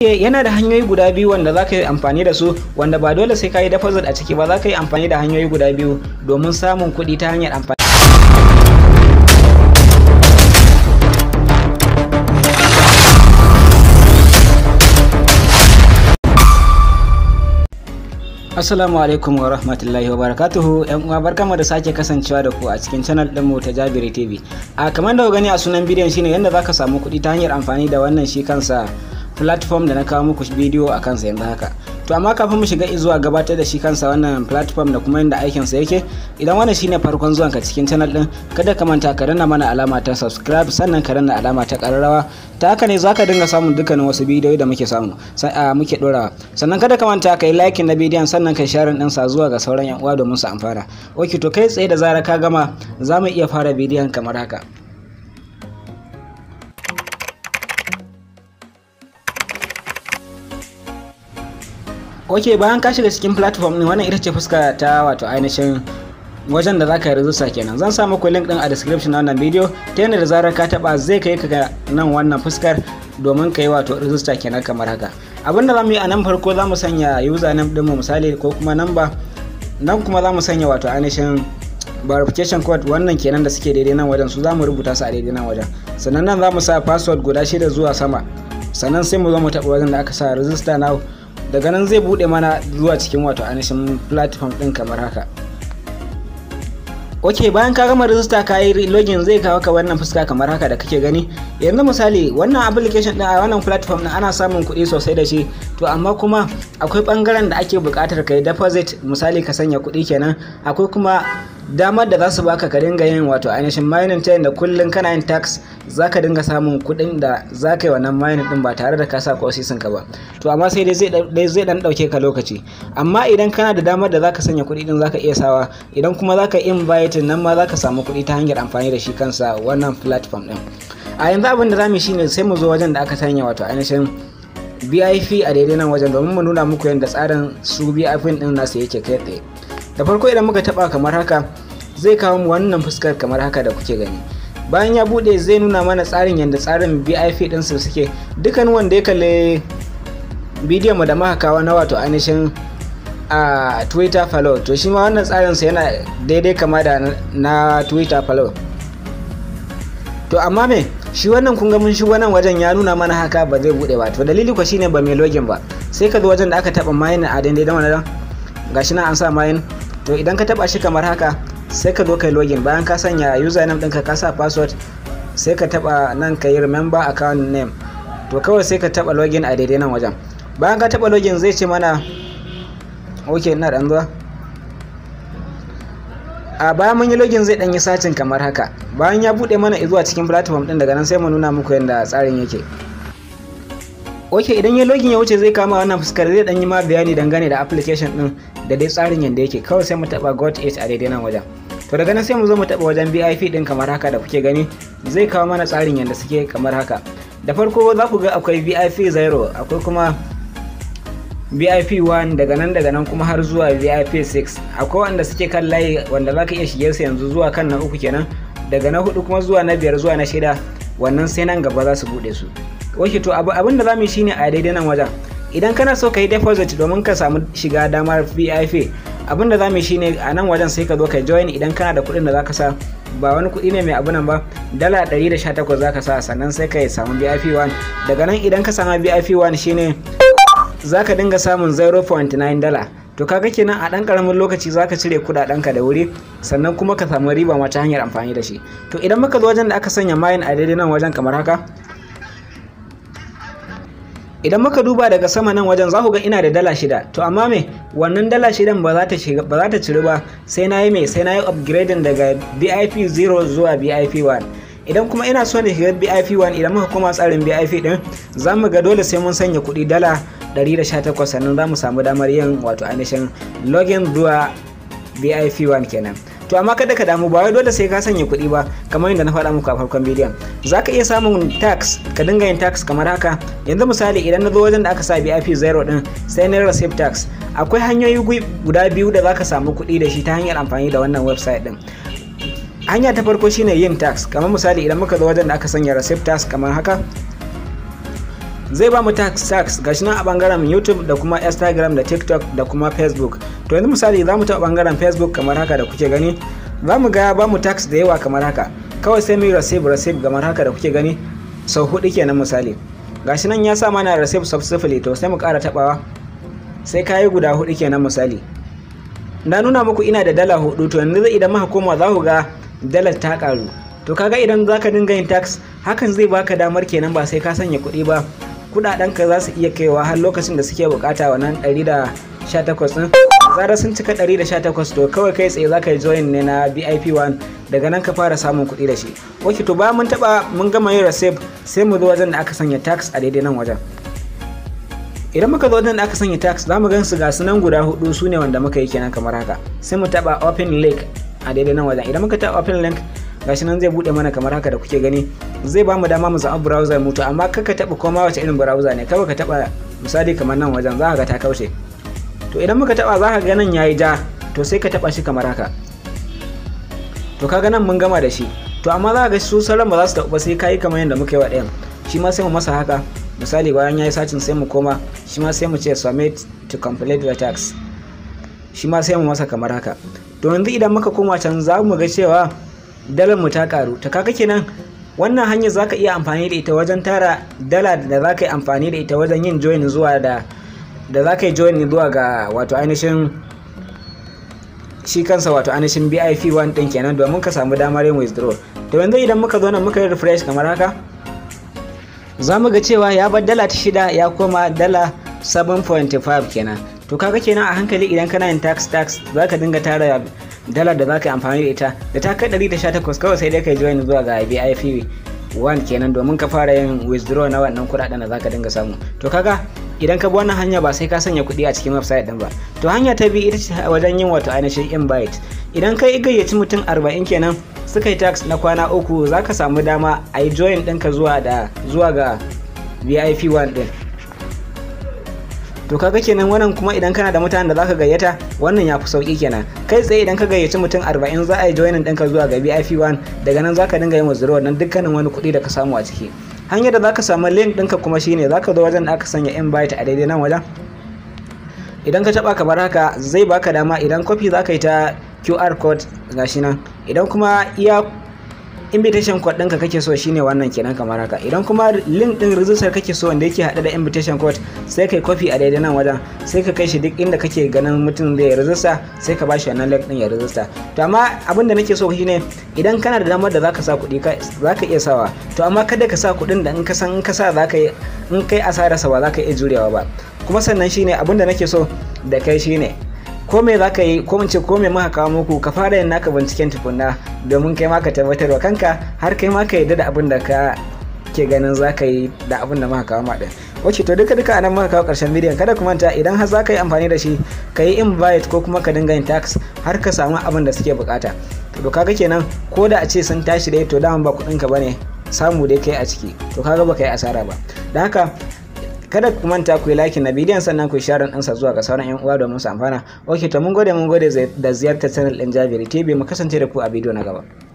Eh, yana da hanyoyi guda biyu wanda za ka yi amfani da su wanda ba dole sai ka yi deposit a ciki ba za ka yi amfani da hanyoyi guda biyu domin samun kuɗi ta hanyar amfani Assalamu alaikum wa rahmatullahi wa barakatuhu ‘yan uwa barkama da sake kasancewa da ku a cikin channel ɗinmu ta Jabiri TV. A kamar da gani a sunan bidiyon shine yadda za ka samu kuɗi ta hanyar amfani da wannan shi kansa platform da na kawo muku bidiyo a kansa yanzu haka to amma kafin mu shiga zuwa gabatar da shi kansa wannan platform da kuma yadda aikinsa yake idan wannan shine farkon zuwanka cikin channel din kada ka manta ka danna mana alama ta subscribe sannan ka danna alama ta kararrawa ta haka ne zaka dinga samun dukkanin wasu bidiyo da muke samu muke dorawa sannan kada ka manta ka yi like na bidiyon sannan ka share din sa zuwa ga sauran yan uwa domin su amfana okay to kai tsaye da zara ka gama za mu iya fara bidiyon kamar haka ok bayan ka shiga cikin platform ne wannan ita ce fuska ta wato ainihin wajen da yi rajista kenan zan sa muku link din a description na wannan bidiyo ta yadda da zarar ka taba zai kai ka nan wannan fuskar domin ka yi wato rijista kenan kamar haka abin da zamu yi a nan farko zamu sanya username din mu misali ko kuma number nan kuma zamu sanya wato ainihin verification code wannan kenan da suke daidai nan wajen su zamu rubuta su a daidai nan wajen sannan nan zamu sa password guda shida zuwa sama sannan sai mu zo mu taɓa wajen da aka sa register now daga nan zai bude mana zuwa cikin wato ainihin platform din kamar haka ok bayan ka gama rijista ka yi login zai kawo ka wannan fuska kamar haka da kake gani yanzu misali wannan application din a wannan platform din ana samun kuɗi sosai da shi to amma kuma akwai bangaren da ake buƙatar ka yi deposit misali ka sanya kuɗi kenan akwai kuma damar da za su baka ka dinga yin wato ainihin mining ta yadda kullum kana yin tax za ka dinga samun kuɗin da za ka yi wannan mining din ba tare da ka sa kwasisin ka ba to amma sai dai zai dan ɗauke ka lokaci amma idan kana da damar da za ka sanya kuɗi din za ka iya sawa idan kuma za ka invite nan ma za ka samu kuɗi ta hanyar amfani da shi kansa wannan platform din a yanzu abin da za mu shi ne sai mu zo wajen da aka sanya wato ainihin BIP a daidai nan wajen domin mu nuna muku yadda tsarin su BIP din nasu yake kai tsaye da farko idan muka taba kamar haka zai kawo mu wannan fuskar kamar haka da kuke gani bayan ya bude zai nuna mana tsarin yadda tsarin bif su suke dukan wanda ya kalli bidiyon mu da muka kawo na wato ainihin a twitter follow to shi ma wannan tsarin sa yana daidai kama da na twitter follow to amma me shi wannan kun ga mun shi wannan wajen ya nuna mana haka ba zai bude ba to dalili kwa shine ba mai login ba sai ka zo wajen da aka taba mayin a daidai da wannan gashi na an sa mayin to idan ka taba shi kamar haka sai ka zo kai login bayan ka sanya username ɗinka ka sa password sai ka taba nan ka yi remember account name to kawai sai ka taba login a daidai nan wajen bayan ka taba login zai ce mana ok ina dan zuwa a bayan mun yi login zai dan yi sacin kamar haka bayan ya bude mana zuwa cikin platform ɗin daga nan sai mu nuna muku yadda tsarin yake ok idan ya login ya wuce zai kama wannan fuskar zai dan yi ma bayani dangane da application din da dai tsarin yadda yake kawai sai mu taba got it a daidai nan wajen to daga nan sai mu zo mu taba wajen bip din kamar haka da kuke gani zai kawo mana tsarin yadda suke kamar haka da farko za ku ga akwai bip 0 akwai kuma vip 1 daga nan daga nan kuma har zuwa vip 6 akwai wanda suke kan layi wanda zaka iya shige su yanzu zuwa kan na uku kenan daga na hudu kuma zuwa na biyar zuwa na shida wannan sai nan gaba za su bude su ok to abin da zamu shine a daidai nan wajen idan kana so ka yi deposit domin ka samu shiga damar vip abin da zamu shine a nan wajen sai ka zo ka join idan kana da kuɗin da zaka sa ba wani kuɗi ne mai abu nan ba dala 118 zaka sa sannan sai ka samu vip 1 daga nan idan ka samu vip 1 shine zaka dinga samun 0.9 dala to kaga kenan a ɗan ƙaramin lokaci zaka cire ka da wuri sannan kuma ka samu riba ma ta hanyar amfani da shi to idan muka zo wajen da aka sanya mayin a daidai nan wajen kamar haka idan muka duba daga sama nan wajen za ga ina da dala shida to amma me wannan dala shidan ba za ta ba ciri ba sai na yi me sai na yi upgrading daga bip 0 zuwa bip 1 idan kuma ina so ne shiga bip 1 idan muka koma tsarin bip din za mu ga dole sai mun sanya kuɗi dala 118 sannan za mu samu damar yin wato ainihin login zuwa bip 1 kenan to amma kada ka damu ba wai dole sai ka sanya kuɗi ba kamar yadda na faɗa muku a farkon bidiyon za ka iya samun tax ka dinga yin tax kamar haka yanzu misali idan na zo wajen da aka sa bip zero din sai na receive tax akwai hanyoyi guda biyu da za ka samu kuɗi da shi ta hanyar amfani da wannan website din hanya ta farko shine yin tax kamar misali idan muka zo wajen da aka sanya receive tax kamar haka zai ba mu tax tax gashi nan a bangaren youtube da kuma instagram da tiktok da kuma facebook to yanzu misali za mu taɓa bangaren facebook kamar haka da kuke gani za mu ga ba mu tax da yawa kamar haka kawai sai mu yi receive receive kamar haka da kuke gani sau hudu kenan misali gashi nan ya sa mana receive subsifili to sai mu ƙara taɓawa sai kayi guda hudu kenan misali na nuna muku ina da dala hudu to yanzu idan muka koma za ku ga dalar ta karu to kaga idan zaka dinga yin tax hakan zai baka damar kenan ba sai ka sanya kuɗi ba kudaden ka za su iya kaiwa har lokacin da suke bukata wannan 118 din zarar sun cika 118 to kawai kai tsaye zaka join ne na BIP1 daga nan ka fara samun kuɗi da shi ok to bayan mun taba mun gama yin receipt sai mu zo wajen da aka sanya tax a daidai nan wajen idan muka zo wajen da aka sanya tax za mu gan su ga sunan nan guda hudu su ne wanda muka yi kenan kamar haka sai mu taba open link a daidai nan wajen idan muka taba open link gashi nan zai bude mana kamar haka da kuke gani zai bamu dama mu zaɓi browser To amma kaka taba koma wace irin browser ne kawai ka taba misali kamar nan wajen za ka ga ta kaushe to idan muka taba za ka ga nan yayi ja to sai ka taba shi kamar haka to kaga nan mun gama da shi to amma za ka ga su sauran ba za su taɓa sai kayi kamar yadda muka yi wa ɗayan shi ma sai mu masa haka misali bayan ya yi sacin sai mu koma shi ma sai mu ce submit to complete the tax shi ma sai mu masa kamar haka to yanzu idan muka koma can za mu ga cewa dalar mu ta karu to kaka kenan wannan hanyar ka iya amfani da ita wajen tara dala da za ka yi amfani da ita wajen yin join zuwa da da ka yi join zuwa ga wato ainihin shi kansa wato ainihin BIP1 din kenan domin ka samu damar yin withdraw to yanzu idan muka zo nan muka yi refresh kamar haka za mu ga cewa ya bar dala ta shida ya koma dala 7.5 kenan to kaga kenan a hankali idan kana yin tax tax za ka dinga tara dalar da za ka yi amfani da ita da ta kai 118 kawai sai dai ka join zuwa ga VIP one kenan domin ka fara yin withdraw na wannan kuɗaɗen da za ka dinga samu to kaga idan ka bi wannan hanya ba sai ka sanya kuɗi a cikin website din ba to hanya ta biyu ita ce wajen yin wato ainihin invite idan ka gayyaci mutum 40 kenan suka yi tax na kwana uku za ka samu dama a yi join ɗinka zuwa ga vip 1 ɗin to kaga kenan wannan kuma idan kana da mutanen da zaka gayyata wannan ya fi sauki kenan kai tsaye idan ka gayyaci mutum 40 za a yi joinin ɗinka zuwa ga VIP1 daga nan zaka dinga yin wazuru nan dukkanin wani kuɗi da ka samu a ciki hanyar da zaka samu link ɗinka kuma shine zaka zo wajen da aka sanya invite a daidai nan wajen idan ka taba kamar haka zai baka dama idan copy zaka yi ta QR code gashi nan idan kuma iya invitation code ɗinka kake so shine wannan kenan kamar haka idan kuma link ɗin register kake so wanda yake haɗe da invitation code sai kai copy a daidai nan wajen sai ka kai shi duk inda kake ganin mutum zai register sai ka bashi wannan link ɗin ya register to amma abin da nake so shine idan kana da damar da zaka sa kuɗi zaka iya sawa to amma kada ka sa kuɗin da in ka san in ka sa zaka in kai asararsa ba zaka iya jurewa ba kuma sannan shine abin da nake so da kai shine ko me za ka yi ko ce ko me kawo muku ka fara yin naka binciken tukunna domin kai ma ka tabbatar wa kanka har kai ma ka yarda da abin da ka ke ganin za ka yi da abin da muka kawo maɗin wacce to duka duka anan maka kawo ƙarshen bidiyon kada ku manta idan har za ka yi amfani da shi ka yi invite ko kuma ka dinga yin tax har ka samu abin da suke bukata to kaga kenan ko da a ce sun tashi dai to dama ba kuɗinka bane samu dai kai a ciki to kaga ba ka yi asara ba da haka kada ku manta ku yi like na bidiyon sannan ku share sa zuwa ga sauran 'yan uwa domin su amfana ok to mun gode mun gode da ziyartar channel ɗin jabiri tv mu kasance da ku a bidiyo na gaba